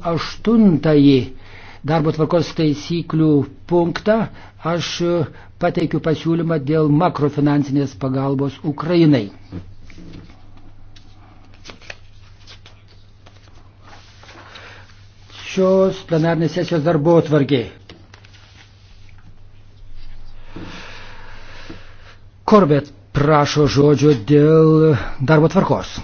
aštuntąjį darbo tvarkos taisyklių punktą aš e, pateikiu pasiūlymą dėl makrofinansinės pagalbos Ukrainai. Šios plenarnės sesijos darbo tvarkė. Korbet prašo žodžio dėl darbo tvarkos.